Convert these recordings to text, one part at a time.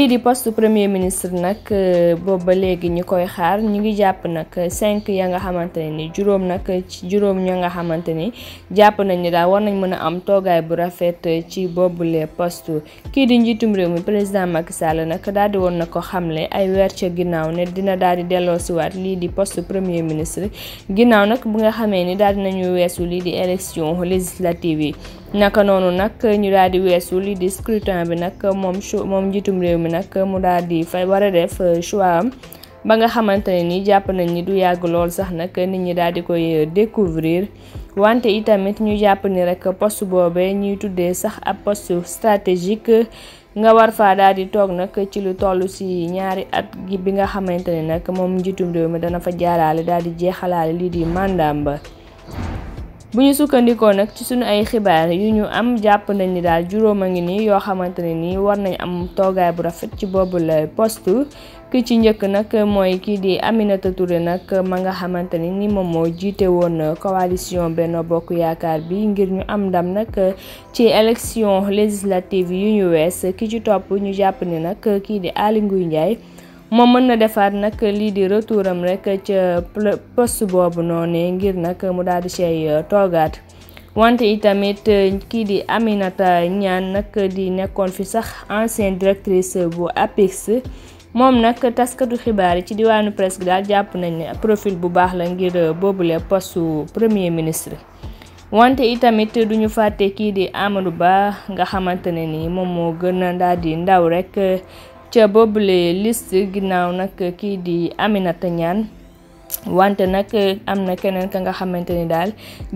lii di poste premier ministre nag euh, boobu ba léegi ñu koy xaar ñu ngi jàpp nag cinq ya nga xamante ni juróom nag ci juróom ña nga xamante ni jàpp nañ ni daal war nañ mën a am toogaay bu rafet ci boobule poste kii di njiitum réew mi président Macky Sall nag daal di woon na ko xamle ay weer ca ginnaaw ne dina daal di delloosiwaat lii di poste premier ministre ginnaaw nag bu nga xamee ni daal di nañu weesu lii di élection législative yi naka noonu nag ñu daal di weesu li di scrutin bi nag moom moom njiitum réew mi nag mu daal di fay war a def euh, choix am ba nga xamante ne ni jàpp nañ ni du yàgg lool sax nag nit ñi daal di koy euh, découvrir wante itamit ñu jàpp ni rek post boobee ñuy tuddee sax ab post stratégique nga war fa daal di toog nag ci lu toll si ñaari at gi bi nga xamante ne nag moom njiitum réew mi dana fa jaaraale daal di jeexalaale lii di mandaam ba bu ñu sukkandikoo nag ci suñu ay xibaar yu ñu am jàpp nañ ni daal juróom a ngi nii yoo xamante ne nii war nañ am toogaay bu rafet ci boobu la poste ki ci njëkk nag mooy kii di Aminata Touré nag ma nga xamante ne ni moom moo jiite woon coalition benn Bokk Yaakaar bi ngir ñu am ndam nag ci élection législative yu ñu wees ki ci topp ñu jàpp ni nag kii di Aly Ngouille Ndiaye moom mën na defaat nag lii di retouram rek ca post boobu noonu ngir nag mu daal di cay euh, toogaat wante itamit euh, kii di Aminata ñaan nag di nekkoon fi sax ancienne directrice bu APIX moom nag taskatu xibaar yi ci diwaanu presse daal jàpp nañ ne profil bu baax la ngir euh, boobule postu premier ministre wante itamit duñu fàtte kii di Amadou Ba nga xamante ne ni moom moo gën a daal di ndaw rek ca boobule liste ginnaaw nag kii di Aminata Niane wante nag am na keneen ka nga xamante ni daal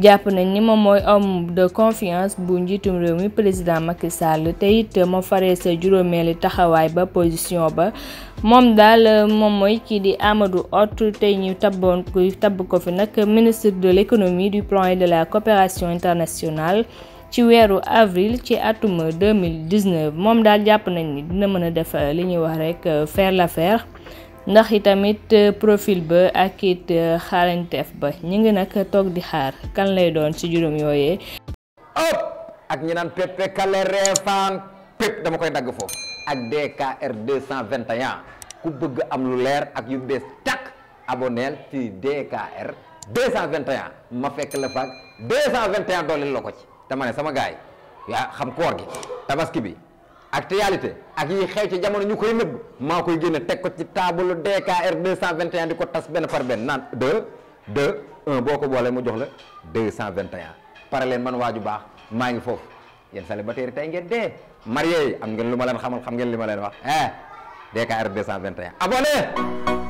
jàpp na ni moom mooy homme de confiance bu njiitum réew mi président Macky Sall te it moo faree sa juróomeeli taxawaay ba position ba moom daal moom mooy kii di Amadou Hott tey ñu tabboon kuy tabb ko fi nag ministre de l'économie du plan et de la coopération internationale ci weeru avril ci atum 2019 moom daal jàpp nañ ni dina mën a def euh, li ñuy wax rek euh, faire l'affaire ndax itamit euh, profil ba ak it xarañteef ba ñu ngi nag toog di xaar kan lay doon ci juróom yooyee ëpp ak ñi naan péppe kale reefaan pépp dama koy dagg foofu ak DKR 221 ku bëgg am lu leer ak yu bees tàkk aboneel ci DKR 221 ma fekk la faag 221 dooleel la ko ci dama ne sama gaay yaa xam koor gi tabaski bi actualité ak yi xew ci jamono ñu koy nëbb maa koy génne teg ko ci taabalu DKR 221 di ko tas benn par benn naan 2 de 1 boo ko boolee mu jox la 221 pare leen man waaju baax maa ngi foofu yéen célibataire tey ngeen dee marié yi am ngeen lu ma leen xamal xam ngeen li ma leen wax de eh DKR 221 abonné